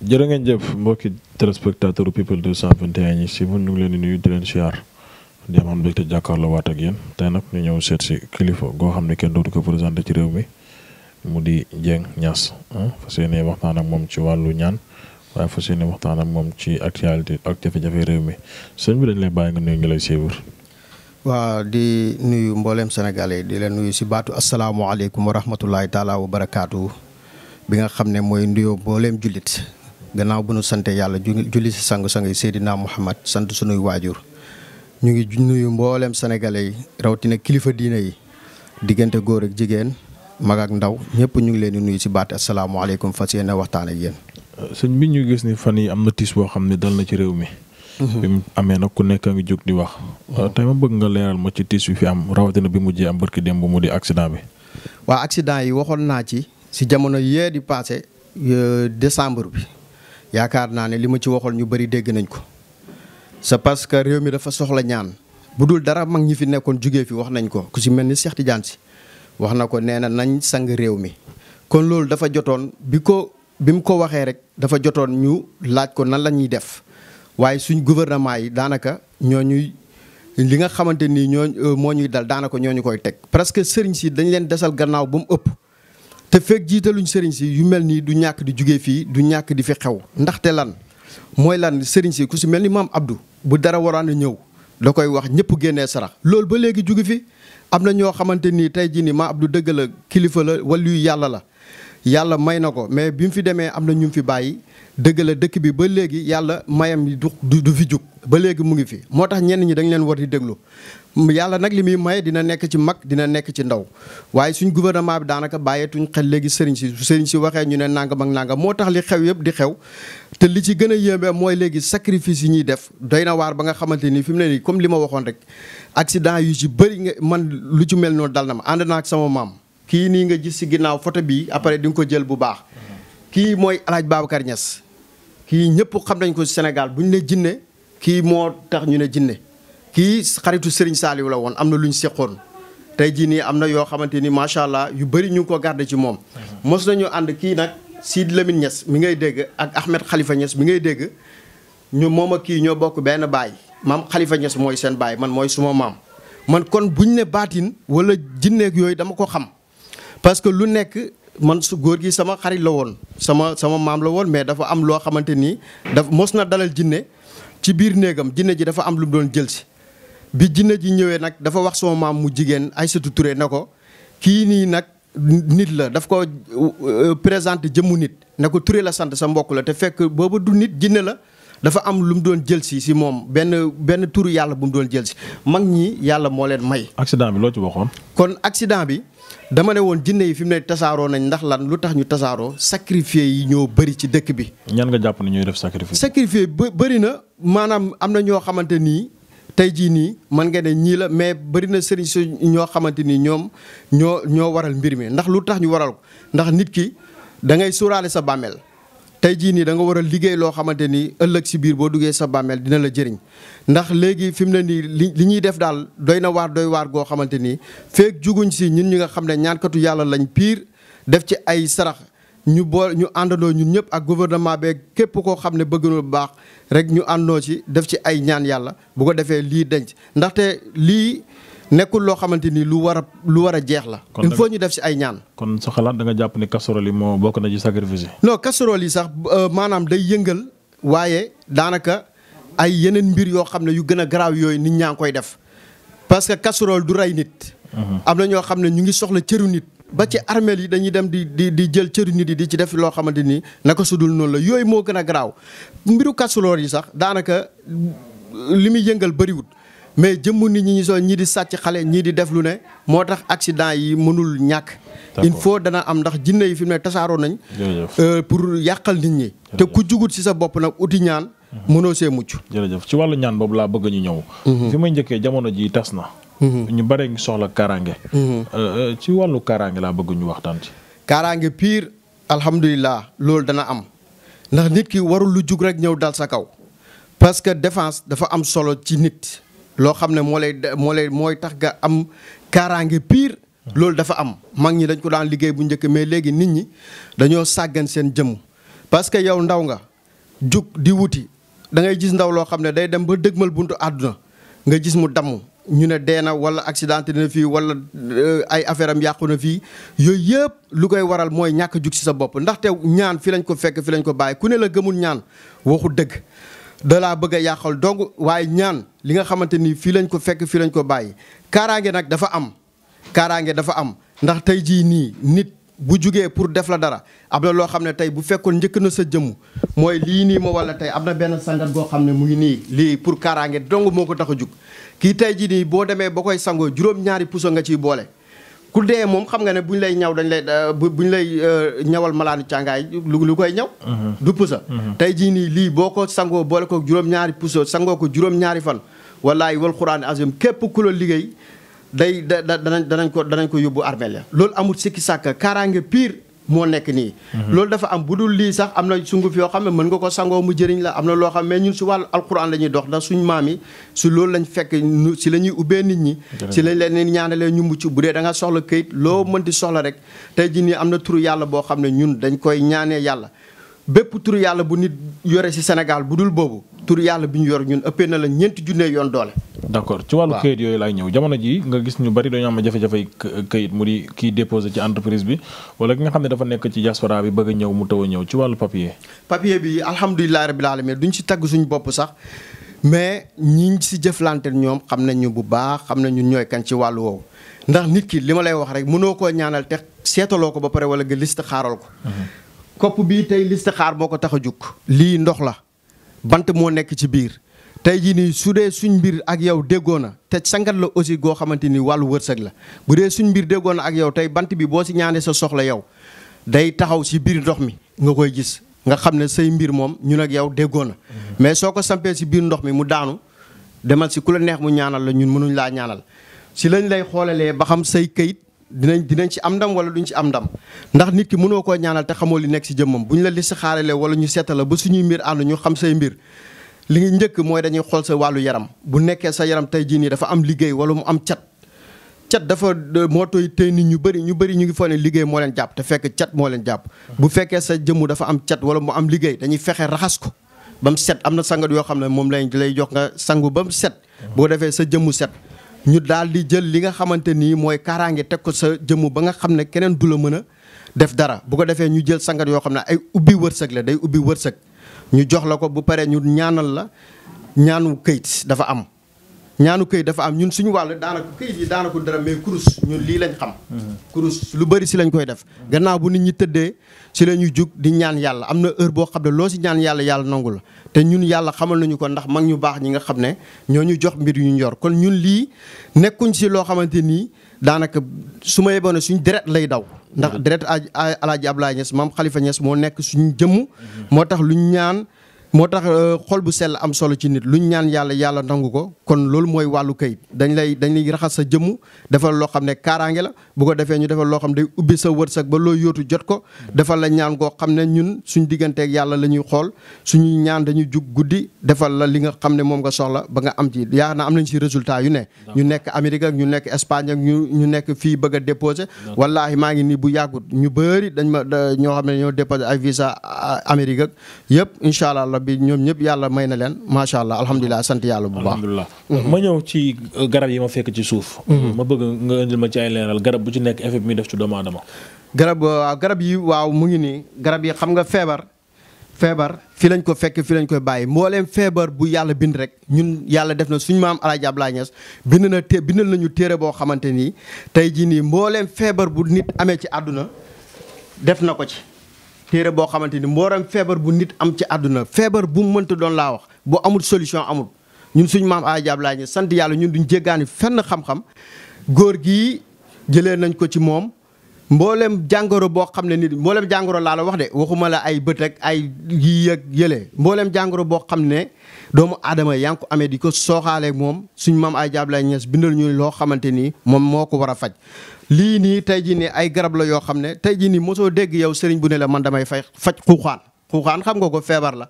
jërë ngeen jëf mbokki téléspectateur people 221 ñi si mun ñu ngi leen di nuyu di leen siyaar di am mbégte jàkkaarloo waat ak yéen tey nag ñu ñëw seet si kilifa goo xam ne kenn dootu ko présenté ci réew mi mu di Dieng Niass ah, fas yéene waxtaan ak moom ci wàllu ñaan waaye fas yéene waxtaan ak moom ci actualité ak jafe-jafe réew mi sëñ bi dañ lay bàyyi nga nuyu ñu lay suivre. waaw di nuyu mbooleem Sénégalais di leen nuyu si baatu asalaamaaleykum wa rahmatulahi taala wa barakaatu bi nga xam ne mooy nuyoo mbooleem jullit. gannaaw bu nu santee yàlla julli si sangu-sang yi Seydina Muhammad sant sunuy waajur ñu ngi nuyu mbooleem sénégalais yi rawatina kilifa diina yi diggante góor ak jigéen mag ak ndaw ñëpp ñu ngi leen di nuyu si baat asalaamaaleykum fas yéene waxtaan ak yéen. Euh, suñ bi ñu gis ni fan yi am na tiis boo xam ne dal na ci réew mi. Mhm. bi mu amee nag ku nekk a ngi jóg di wax. Mhm. Euh, tey ma bëgg nga leeral ma ci tiis bi fi am rawatina bi mujjee am barki démb mu di accident bi. waa accident yi waxoon naa ci si jamono yee di passé euh, décembre bi. yaakaar naa ne li ma ci waxoon ñu bëri dégg nañ ko c'est parce que réew mi dafa soxla ñaan bu dul dara mag ñi fi nekkoon jugee fi wax nañ ko ku si mel ni Cheikh Tidiane si wax na ko nee na nañ sang réew mi kon loolu dafa jotoon bi ko bi mu ko waxee rek dafa jotoon ñu laaj ko nan la ñuy def waaye suñ gouvernement yi daanaka ñoo ñuy li nga xamante ni ñoo moo ñuy dal daanaka ñoo ñu koy teg. presque que sëriñ si dañ leen desal gannaaw ba mu ëpp. te fekk jiitaluñ sëriñ si yu mel nii du ñàkk di jugee fii du ñàkk di fi xew ndaxte lan mooy lan sëriñ si ku si mel ni maam Abdou bu dara waraan a ñëw da koy wax ñëpp génne sarax loolu ba léegi jugi fi am na ñoo xamante nii tey jii nii maam Abdou dëgg la kilifa la waliyu yàlla la yàlla may na ko mais bi mu fi demee am na ñu fi bàyyi dëgg la dëkk bi ba léegi yàlla mayam yi du du fi jug ba léegi mu ngi fi moo tax ñenn ñi dañ leen war di déglu yàlla nag li muy maye dina nekk ci mag dina nekk ci ndaw waaye suñ gouvernement bi daanaka bàyyeetuñ xel léegi sëriñ si sëriñ si waxee ñu ne nangam ak nangam moo tax li xew yëpp di xew te li ci gën a yéeme mooy léegi sacrifice yi ñuy def doy na waar ba nga xamante ni fi mu ne nii comme li ma waxoon rek accident yu si bëri nga man lu ci mel noonu dal na ma ànd naa ak sama maam kii nii nga gis si ginnaaw photo bii après di nga ko jël bu baax kii mooy alaaj Babacar Niass kii ñëpp xam nañ ko Sénégal buñ ne jinne kii moo tax ñu ne jinne kii xaritu Serigne Saliou la woon am na lu ñu seqoon tey jii nii am na yoo xamante ni macha allah yu bëri ñu ngi ko garder ci moom. mos nañu ànd kii nag Sidi Lamine Niass mi ngay dégg ak Ahmed xalifa Niass mi ngay dégg ñu moom ak kii ñoo bokk benn baay maam Khalifa Niass mooy seen baay man mooy suma maam. man kon buñ ne baatin wala jinneeg yooyu dama ko xam parce que lu nekk man su góor gi sama xarit la woon sama sama maam la woon mais dafa am loo xamante ni daf mos na dalal jinne ci biir néegam jinne ji dafa am lu mu doon jël si. bi jinne ji ñëwee nag dafa wax soo maam mu jigéen ay Aïssatou Touré na ko kii nii nag nit la daf ko euh, présenté jëmmu nit ne ko Touré la sant sa mbokk la te fekk boobu du nit jinne la dafa am lu mu doon jël si si moom benn benn turu yàlla bu mu doon jël si mag ñi yàlla moo leen may. accident bi loo ci waxoon. kon accident bi dama ne woon jinne yi fi mu ne tasaaroo nañ ndax lan lu tax ñu tasaaroo sacrifié yi ñoo bëri ci dëkk bi. ñan nga jàpp ne ñooy def sacrifice. sacrifié bë bëri na maanaam am na ñoo xamante nii tey jii nii man nga ne ñii la mais bëri na sëriñ si ñoo xamante ni ñoom ñoo ñoo waral mbir mi ndax lu tax ñu waral ko ndax nit ki dangay suuraale sa bàmmeel tey jii nii da nga war liggéey loo xamante ni ëllëg si biir boo duggee sa bàmmeel dina la jëriñ ndax léegi fi mu ne nii li li ñuy def daal doy na waar doy waar goo xamante ni feek juguñ si ñun ñi nga xam ne ñaankatu yàlla lañu piir def ci ay sarax ñu bool ñu àndandoo ñun ñëpp ak gouvernement bee képp koo xam ne bëgg na baax rek ñu àndoo ci def ci ay ñaan yàlla bu ko defee lii denc ndaxte lii nekkul loo xamante ni lu war a lu war a jeex la. il faut ñu def ci ay ñaan. kon sa xalaat da jàpp ne casserole yi moo bokk na ci sacrifice yi. non casserole yi sax euh, maanaam day yëngal waaye daanaka ay yeneen mbir yoo xam ne yu gën a garaaw yooyu nit ñaa ngi koy def parce que casserole du rey nit. Mhm. am na ñoo xam ne ñu ngi soxla cëru nit. ba ci armeel yi dañuy dem di di di jël cëri nit yi di ci def loo xamante ni naka sudul noonu la yooyu moo gën a garaaw mbiru kastuloor yi sax daanaka li muy yëngal bëriwut mais jëmm nit ñi ñu soo ñii di sàcc xale ñii di def lu ne moo tax accident yi mënul ñàkk il foo dana am ndax jinne yi fi mu tasaaroo nañ euh, pour yàqal nit ñi te ku jugut si sa bopp nag uti ñaan mhm. mënoo see mucc jërëjëf ci wàllu ñaan boobu laa bëgg ñu ñëw mhm. fi may njëkkee jamono ji tas na Mm-hmm. ñu bare ngi soxla kaaraange. Mm-hmm. Euh, euh, ci wàllu kaaraange laa bëgguñu waxtaan ci. kaaraange pire alhamdulilah loolu dana am ndax nit ki warul lu jug rek ñëw dal sa kaw parce que défense dafa am solo ci nit loo xam ne moo lay moo lay mooy tax nga am kaaraange piir loolu dafa am mag ñi dañ ko daan liggéey bu njëkk mais léegi nit ñi dañoo sàggan seen jëmm parce que yow ndaw nga jug di wuti da ngay gis ndaw loo xam ne day dem ba dëgmal buntu àdduna nga gis mu damm ñu ne dee na wala accidenté na fii wala euh, ay affaire am yàqu na fii yooyu yëpp lu koy waral mooy ñàkk jug ci sa bopp ndaxte ñaan fi lañ ko fekk fi lañ ko bàyyi ku ne la gëmul ñaan waxu dëgg da laa bëgg a yàqal donc waaye ñaan li nga xamante ni fii lañ ko fekk fii lañ ko bàyyi kaaraange nag dafa am kaaraange dafa am ndax tey jii nii nit bu jugee pour def la dara am na loo xam ne tey bu fekkoon njëkk na sa jëmm mooy lii nii ma wala tey am na benn sangat goo xam ne mu ngi nii lii pour kaaraange dong moo ko tax a jug kii tey jii nii boo demee ba koy sangoo juróom-ñaari puso nga ciy boole ku dee moom xam nga ne bu ñu lay ñaw dañ lay euh, bu ñu lay euh, ñawal malaanu càngaay lu lu koy ñaw mm-hmm. du pusa mm-hmm. tey jii nii lii boo ko sangoo boole ko juróom-ñaari puso sangoo ko juróom-ñaari fan wallaay wal xuraan azim képp ku la liggéey day da danañ danañ ko danañ ko yóbbu armeel ya loolu amul sikki sàkk kaaraange pire moo nekk nii mhm. loolu dafa am bu dul lii sax am na sunguf yoo xam ne mën nga ko sangoo mu jëriñ la am na loo xam mais ñun si wàllu alquran la ñuy dox ndax suñ maam yi si loolu lañ fekk si la ñuy ubbee nit ñi si lañ leen ni ñaanalee ñu mucc bu dee da nga soxla loo mën di soxla rek tey jii nii am na turu yàlla boo xam ne ñun dañ koy ñaanee yàlla bépp turu yàlla bu nit yore si Sénégal bu dul boobu tur yàlla bi ñu yor ñun ëppee na la ñeenti junne yoon doole d'accord ci wàllu këyit yooyu laay ñëw jamono ji nga gis ñu bari dañu am jafe-jafe këyit mu di kii déposé ci entreprise bi wala ki nga xam ne dafa nekk ci diaspora bi bëgg a ñëw mu taw a ñëw ci wàllu papier. papier bi alhamdulilah rabbil alamin duñ ci tagg suñu bopp sax mais ñi si jëflante ñoom xam nañ ñu bu baax xam nañ ñun ñooy kan ci wàllu woowu ndax nit ki li ma lay wax rek mënoo koo ñaanal te seetaloo ko ba pare wala nga liste xaaral ko. Mhm. kopp bii tey liste xaar moo ko tax a jug. lii ndox la bant moo nekk ci biir tey jii nii su dee suñ mbir ak yow déggoo na te sangat la aussi goo xamante ni wàllu wërsëg la bu dee suñ mbir déggoo na ak yow tey bant bi boo si ñaanee sa soxla yow day taxaw si biir ndox mi nga koy gis nga xam ne say mbir moom ñu ak yow déggoo na mm-hmm. mais soo ko sampee si biir ndox mi mu daanu demal si ku la neex mu ñaanal la ñun mënuñ laa ñaanal si lañ lay xoolalee ba xam say kayit dinañ dinañ ci am ndam wala duñ ci am ndam ndax nit ki mënoo koo ñaanal te xamoo li nekk si jëmmam bu ñu la listixaaralee wala ñu seetal la ba suñuy mbir ànd ñu xam say mbir li ngi njëkk mooy dañuy xool sa wàllu yaram bu nekkee sa yaram tey jii nii dafa am liggéey wala mu am cat cat dafa moo tooy tey nit ñu bari ñu bëri ñu ngi foog ne liggéey moo leen jàpp te fekk cat moo leen jàpp bu fekkee sa jëmm dafa am cat wala mu am liggéey dañuy fexe raxas ko ba mu set am na sangat yoo xam ne moom lañ lay jox nga sangu ba mu set boo defee sa jëmmu set ñu daal di jël li nga xamante nii mooy kaaraangi teg ko sa jëmmu ba nga xam ne keneen du la mën a def dara bu ko defee ñu jël sangat yoo xam ne ay ubbi wërsëg la day ubbi wërsëg ñu jox la ko bu paree ñun ñaanal la ñaanu këyit dafa am ñaanu këyit dafa am ñun suñu wàll daanaka këyit yi daanaka dara mais kurus ñun lii lañ xam. kurus lu bari si lañ koy def. gannaaw bu nit ñi tëddee si la ñuy jug di ñaan yàlla am na heure boo xam ne loo si ñaan yàlla yàlla nangu la te ñun yàlla xamal nañu ko ndax mag ñu baax ñi nga xam ne ñoo ñu jox mbir yu ñu yor kon ñun lii nekkuñ si loo xamante nii daanaka su ma yeboone suñ deret lay daw ndax mm-hmm. deret Alaaji Abdoulaye Niass maam Khalifa Niass moo nekk suñ jëmm mm-hmm. moo tax luñ ñaan moo tax euh, xool bu sell am solo ci nit luñ ñaan yàlla yàlla nangu ko kon loolu mooy wàllu kayit dañ lay dañ lay raxas sa jëmmu defal loo xam ne kaaraange la bu ko defee ñu defal loo xam ne day ubbi sa wërsëg ba loo yóotu jot ko defal la ñaan xam ne ñun suñ digganteeg yàlla la ñuy xool suñuy ñaan dañuy jug guddi defal la li nga xam ne moom nga soxla ba nga am ci yaakaar naa am nañ si résultat yu ne ñu nekk Amérique ak ñu nekk Espagne ak ñu ñu nekk fii bëgg a déposé wallaahi maa ngi nii bu yàggut ñu bëri dañ ma ñoo xam ne ñoo déposé ay visa Amérique ak yëpp incha allah rabbi ñoom ñëpp yàlla may na leen macha allah alhamdulilah sant yàlla bu baax. Mhm. ma ñëw ci garab yi ma fekk ci suuf. Mhm. ma bëgg nga indil ma ci ay leeral garab bu ci nekk effet bi muy def ci doomu aadama. garab waaw garab yi waaw mu ngi nii garab yi xam nga feebar. feebar fi lañ ko fekk fi lañ koy bàyyi mbooleem feebar bu yàlla bind rek ñun yàlla def na suñu maam Alaaji Abdoulaye Niass bind na té bindal nañu téere boo xamante nii tey jii nii mbooleem feebar bu nit amee ci àdduna def na ko téere boo xamante ni mbooram feebar bu nit am ci àdduna feebar bu mu mënta doon laa wax boo amul solution amul ñun suñ maam ajaab laa ñu sant yàlla ñun duñ jéggaani fenn xam-xam góor gi jëlee nañ ko ci moom mboolem jàngoro boo xam ne nit mboolem jàngoro laa la wax de waxuma la ay bët ay yii ak yële mboolem jàngoro boo xam ne doomu aadama yaa ko amee di ko sooxaaleeg moom suñ maam ay jaablay ñees bindal ñu loo xamante ni moom moo ko war a faj. lii nii tey jii nii ay garab la yoo xam ne tey jii nii mosoo dégg yow sëriñ bu ne la man damay fay faj xuuxaan xuuxaan xam nga ko feebar la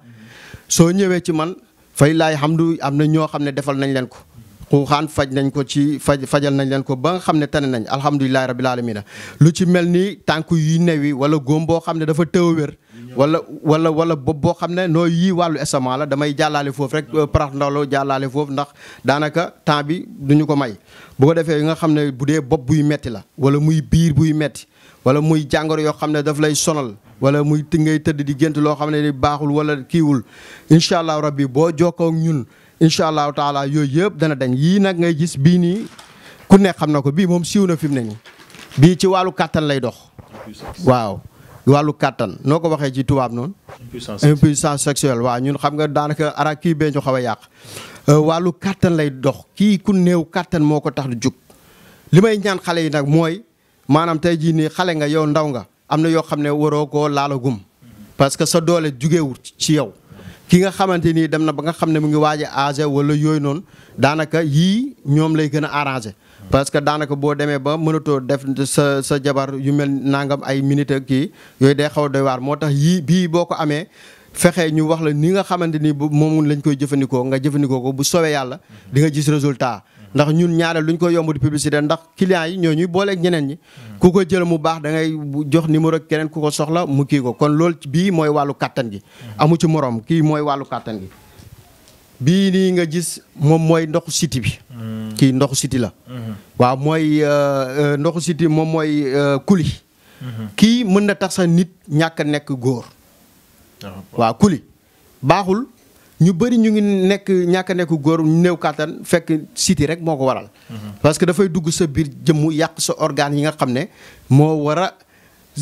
soo ñëwee ci man fay laay xam du am na ñoo xam ne defal nañ leen ko. xuuxaan faj nañ ko ci faj fajal nañ leen ko ba nga xam ne tane nañ alhamdulilahi rabil alamina lu ci mel ni tànk yu newi wala góom boo xam ne dafa tëw wér wala wala wala bopp boo xam ne noo yii wàllu estomac la damay jàllaale foofu rek euh, parax ndawlo jàllaale foofu ndax daanaka temps bi duñu ko may bu ko defee nga xam ne bu dee bopp buy metti la wala muy biir buy metti wala muy jàngoro yoo xam ne daf lay sonal wala muy ngay tëdd di gént loo xam ne ni baaxul wala kiiwul incha allah rabbi boo jokkoo ak ñun incha allahu taala yooyu yëpp dana dañ yii nag ngay gis bii nii ku nekk xam na ko bii moom siiw na fi mu ne nii bii ci wàllu kàttan lay dox waaw wàllu kàttan noo ko waxee ci tubaab noonu impuissance sexuelle waaw ñun xam nga daanaka ara kii bee ñu xaw yàq euh, wàllu kàttan lay dox kii ku néew kàttan moo ko tax du jug li may ñaan xale yi nag mooy maanaam tey jii nii xale nga yow ndaw nga am na yoo xam ne waroo koo laalagum parce que sa doole jugewul ci yow ki nga xamante ni dem na ba nga xam ne mu ngi waaj a âgé wala yooyu noonu daanaka yii ñoom lay gën a arrangé parce que daanaka boo demee ba mënatoo def sa sa jabar yu mel nangam ay minute kii yooyu day xaw a doy waar moo tax yii bii boo ko amee fexe ñu wax la nii nga xamante ni moom lañ koy jëfandikoo nga jëfandikoo ko bu soobee yàlla di nga gis résultat ndax ñun ñaareel lu ñu ko yomb di publicité ndax clients yi ñoo ñuy booleeg ñeneen ñi ku ko jël mu baax dangay jox numéro keneen ku ko soxla mu kii ko kon loolu bii mooy wàllu kàttan gi amu ci moroom kii mooy wàllu kàttan nii nga gis moom mooy ndoxu siti bi hmm. kii ndoxu siti la hmm. waaw mooy euh, euh, ndoxu siti moom mooy euh, kuli hmm. kii mën na tax sax nit ñàkk nekk góor ah, waaw kuli baaxul ñu bëri ñu ngi nekk ñàkk a nekk góor néew kàttan fekk siti rek moo ko waral. Mhm. parce que dafay dugg sa biir jëmm yàq sa organes yi nga xam ne moo war a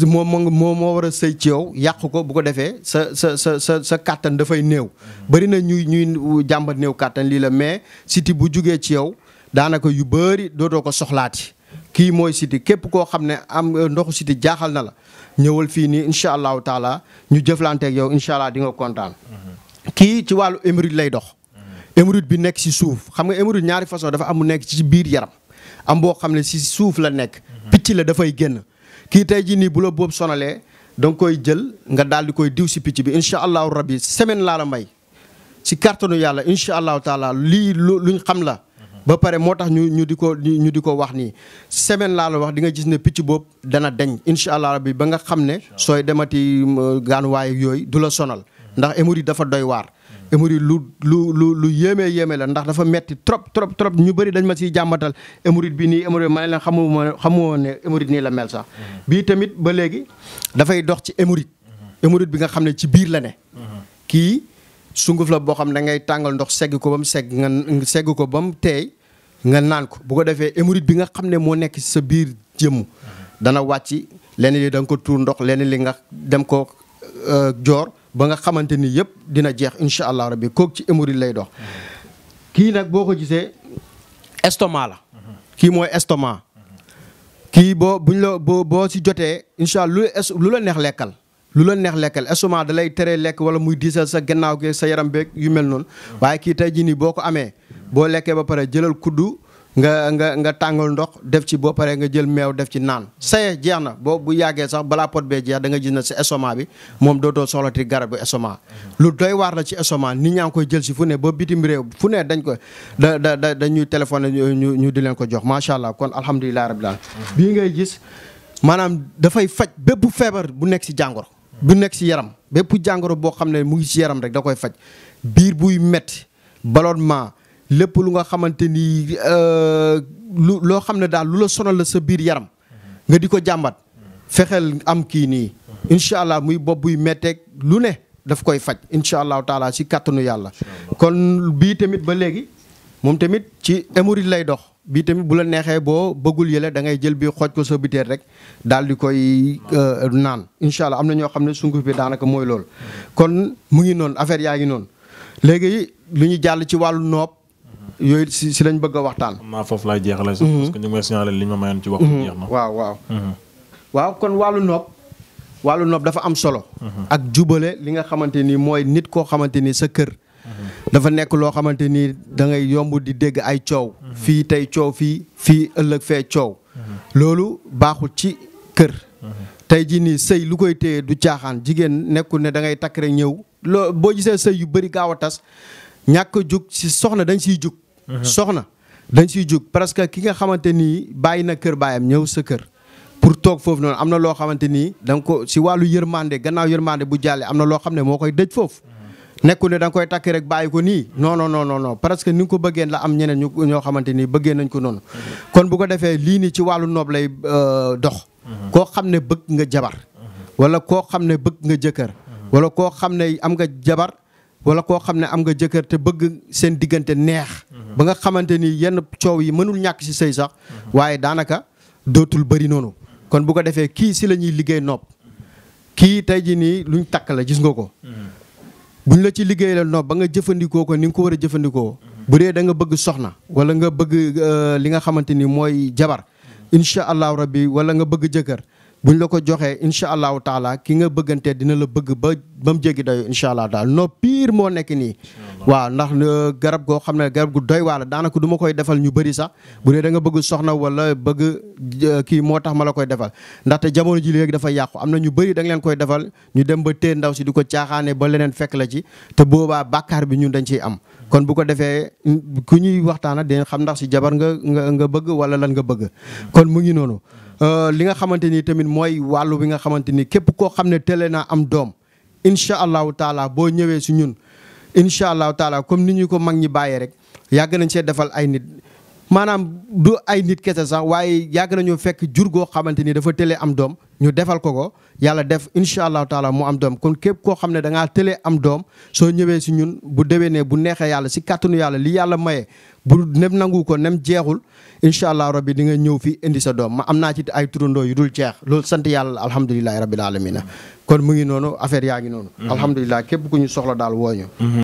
moo moo moo war a sëy ci yow yàq ko bu ko defee sa sa sa sa sa kàttan dafay néew. Mhm. bëri na ñuy ñuy jàmbat néew kàttan lii la mais siti bu jugee ci yow daanaka yu bëri dootoo ko soxlaati. kii mooy siti képp koo xam ne am ndoxu siti jaaxal na la ñëwal fii nii incha allahu taala ñu jëflanteeg yow incha allah di nga kontaan. Mhm. kii ci wàllu hémorroïde lay dox. hémorroïde bi nekk si suuf xam nga hémorroïde ñaari façon dafa am mu nekk ci biir yaram am boo xam ne si suuf la nekk. Mhm. picc la dafay génn kii tey jii nii bu la boobu sonalee da koy jël nga daal di koy diw si picc bi incha allahu rabbi semaine laa la may si kàttanu yàlla incha allahu taala lii luñ xam la. Mhm. ba pare moo tax ñu ñu di ko ñu di ko wax nii semaine laa la wax di nga gis ne picc boobu dana deñ incha allah rabbi ba nga xam ne sooy demati euh, gaanuwaay yooyu du la sonal. ndax hémorroïde dafa doy waar hémorroïde lu lu lu lu yéemee yéeme la ndax dafa metti trop trop trop ñu bëri dañ ma siy jàmbatal hémorroïde bi nii hémorroïde ma ne leen xamuma xamuma ne hémorroïde nii la mel mm-hmm. bii tamit ba léegi dafay dox ci hémorroïde mm-hmm. hémorroïde bi nga xam ne ci biir la ne mm-hmm. kii sunguf la boo xam ne da ngay tàngal ndox segg ko ba mu segg nga segg ko ba mu teey nga naan ko bu ko defee hémorroïde bi nga xam ne moo nekk sa biir jëmm dana wàcc lenn li da ko tuur ndox lenn li nga dem ko euh, joor ba nga xamante ni yëpp dina jeex incha allah rabbi kook ci hémorroïde lay dox. kii nag boo ko gisee estomac la. kii mooy estomac. kii boo buñ la boo boo si jotee incha allah lu la neex lekkal. lu la neex lekkal estomac dalay tere lekk wala muy diisal sa gannaaw gi sa yaram beeg yu mel noonu. waaye kii tey jii nii boo ko amee. boo lekkee ba pare jëlal kuddu. nga nga nga tàngal ndox def ci boo paree nga jël meew def ci naan saye jeex na boo bu yàggee sax balaa pot bee jeex da nga gis na si estomac bi moom dootoo soxlati garab bi estomac mhm. lu doy waar la ci estomac ni ñaa ngi koy jël si fu ne ba bitim réew fu ne dañ ko da da da dañuy téléphoné ñu ñu di leen ko jox macha allah kon alhamdulilah rabbil alamin mhm. bii ngay gis maanaam dafay faj bépp feebar bu nekk si jàngoro bu nekk si yaram bépp jàngoro boo xam ne mu ngi si yaram rek da koy faj biir buy metti ballonnement lépp lu nga xamante ni euh, lu loo xam ne daal lu la sonal la sa biir yaram nga di ko jàmbat fexeel am kii nii incha allah muy bopp buy metteeg lu ne daf koy faj incha allah taala si kàttanu yàlla kon bii tamit ba léegi moom tamit ci hémorroïde lay dox bii tamit bu la neexee boo bëggul yële da ngay jël bii xooj ko sa biteel rek daal di koy euh, naan incha allah am na ñoo xam ne sunguf bi daanaka mooy loolu kon mu ngi noonu affaire yaa ngi noonu léegi lu ñu jàll ci wàllu noob yooyu si lañ bëgg a waxtaan. xam foofu laay jeexalee sax. parce que ñu ngi may signaler li ñu ma mayoon ci waxtu mhm. waaw mhm. waaw. kon wàllu nopp. wàllu nopp dafa am solo. Mhm. ak jubale li nga xamante ni mooy nit koo xamante ni sa kër. dafa nekk loo xamante ni dangay yomb di dégg ay coow. fii tey coow fii fii ëllëg fee coow. loolu baaxul ci kër. tey jii nii sëy lu koy téye du caaxaan jigéen nekkul ne da ngay takk rek ñëw boo gisee sëy yu bari gaaw a tas ñàkk jug si soxna dañ siy jug. Mhm. soxna dañ siy jug parce que ki nga xamante ni bàyyi na kër baayam ñëw sa kër. pour toog foofu noonu am na loo xamante ni da ko si wàllu yërmande gannaaw yërmande bu jàllee am na loo xam ne moo koy dëj foofu. Mhm. nekku ne danga koy takk rek bàyyi ko nii non non non que ni nga ko bëggee la am ñeneen ñu ñoo xamante ni bëggee nañ ko noonu. Mhm. kon bu ko defee lii nii ci wàllu noob lay euh, dox. koo xam ne bëgg nga jabar. wala koo xam ne bëgg nga jëkkër. wala koo xam ne am nga jabar. wala koo xam ne am nga jëkkër te bëgg seen diggante neex. Mhm. ba nga xamante ni yenn coow yi mënul ñàkk ci sëy sax. Mhm. waaye daanaka dootul bëri noonu. kon bu ko defee kii si la ñuy liggéey nopp. kii tey jii nii luñ takk la gis nga ko. Mhm. buñ la ci liggéey la nopp ba nga jëfandikoo ko ni nga ko war a jëfandikoo. bu dee da nga bëgg soxna. wala nga bëgg euh, li nga xamante ni mooy jabar. incha allahu rabbi wala nga bëgg jëkkër. bu ñu la ko joxee incha allahu taala ki nga bëggantee dina la bëgg ba ba mu jéggi dayo incha allahu taala no pire moo nekk nii waaw ndax euh, garab goo xam ne garab gu doy waala daanaka duma koy defal ñu bëri sax bu da nga bëgg soxna wala bëgg kii moo tax ma la koy defal ndaxte jamono ji léegi dafa yàqu am na ñu bëri da nga koy defal ñu dem ba tée ndaw si di ko caaxaane ba leneen fekk la ci te boobaa bàkkaar bi ñun dañ ciy am kon bu ko defee ku ñuy waxtaana dinañ xam ndax si jabar nga nga nga bëgg wala lan nga bëgg kon mu ngi noonu Euh, li nga xamante ni tamit mooy wàllu wi nga xamante ni képp koo xam ne télé naa am doom incha allahu taala boo ñëwee si ñun incha allahu taala comme ni ñu ko mag ñi bàyyee rek yàgg nañ see defal ay nit maanaam du ay nit kese waaye yàgg nañu fekk jur goo xamante ni dafa télé am doom ñu defal ko ko yàlla def incha allahu taala mu am doom kon képp koo xam ne da ngaa am doom soo ñëwee si ñun bu déwénee bu neexee yàlla si kàttanu yàlla li yàlla maye bu nem nangu ko nem jeexul incha allah rabbi di nga ñëw fi indi sa doom ma am naa ci ay turandoo yu dul jeex loolu sant yàlla alhamdulilahi rabil alamina kon mu ngi noonu affaire yaa ngi noonu mhm. alhamdulilah képp ku ñu soxla daal wooñu mhm.